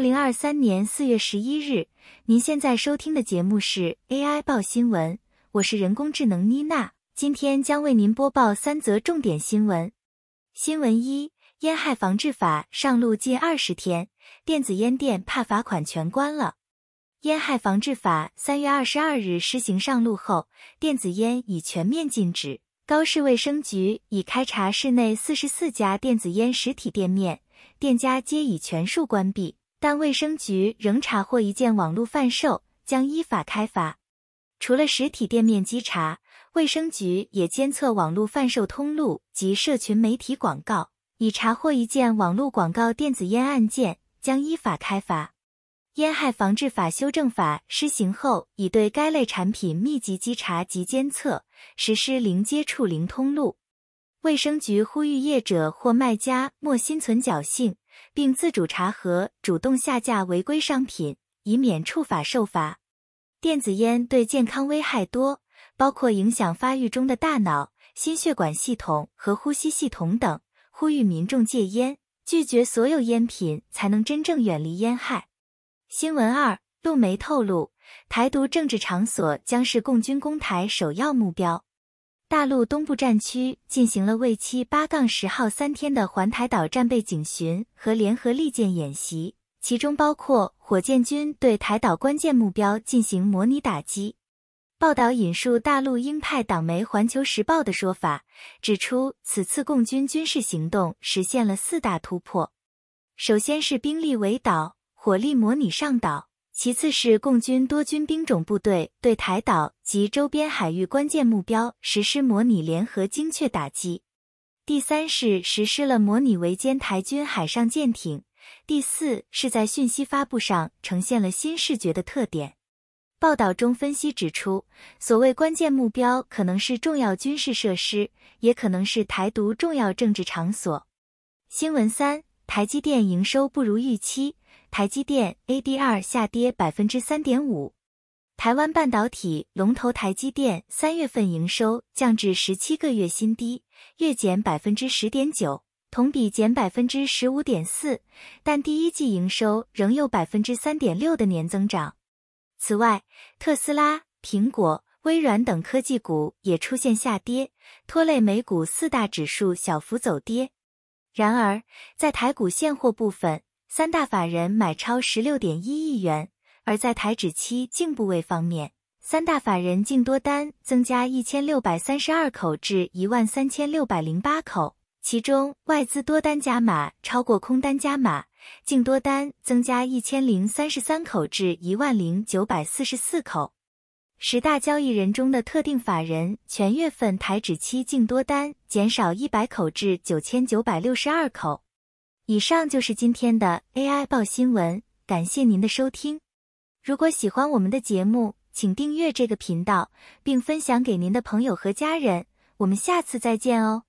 二零二三年四月十一日，您現在收聽的節目是 AI 報新聞，我是人工智能妮娜，今天將為您播報三則重點新聞。新聞一：煙害防治法上路近二十天，電子煙店怕罰款全關了。煙害防治法三月二十二日施行上路後，電子煙已全面禁止。高市衛生局已開查市內四十四家電子煙實體店面，店家皆已全數關閉。但衛生局仍查獲一件網絡販售，將依法開罰。除了實體店面稽查，衛生局也監測網絡販售通路及社群媒體廣告，已查獲一件網絡廣告電子菸案件，將依法開罰。《菸害防治法》修正法施行後，已對該類產品密集稽查及監測，實施零接觸、零通路。衛生局呼籲業者或賣家莫心存僥倖。並自主查核，主動下架違規商品，以免觸法受罰。電子煙對健康危害多，包括影響發育中的大腦、心血管系統和呼吸系統等。呼籲民眾戒煙，拒絕所有煙品，才能真正遠離煙害。新聞二，陸媒透露，台獨政治場所將是共軍攻台首要目標。大陸東部戰區進行了為期八槓十號三天的環台島戰備警巡和聯合利劍演習，其中包括火箭軍對台島關鍵目標進行模擬打擊。報道引述大陸鷹派黨媒《環球時報》的說法，指出此次共軍軍事行動實現了四大突破，首先是兵力圍島，火力模擬上島。其次是共軍多軍兵種部隊對台島及周邊海域關鍵目標實施模擬聯合精確打擊。第三是實施了模擬圍殲台軍海上艦艇。第四是在信息發布上呈現了新視覺的特點。報道中分析指出，所謂關鍵目標可能是重要軍事設施，也可能是台獨重要政治場所。新聞三，台積電營收不如預期。台積電 ADR 下跌百分之三點五，台灣半導體龍頭台積電三月份營收降至十七個月新低，月減百分之十點九，同比減百分之十五點四，但第一季營收仍有百分之三點六的年增長。此外，特斯拉、蘋果、微軟等科技股也出現下跌，拖累美股四大指數小幅走跌。然而，在台股現貨部分，三大法人買超十六點一億元。而在台指期淨部位方面，三大法人淨多單增加一千六百三十二口至一萬三千六百零八口，其中外資多單加碼超過空單加碼，淨多單增加一千零三十三口至一萬零九百四十四口。十大交易人中的特定法人全月份台指期淨多單減少一百口至九千九百六十二口。以上就是今天的 AI 報新聞，感謝您的收聽。如果喜歡我們的節目，請訂閱這個頻道，並分享給您的朋友和家人。我們下次再見哦。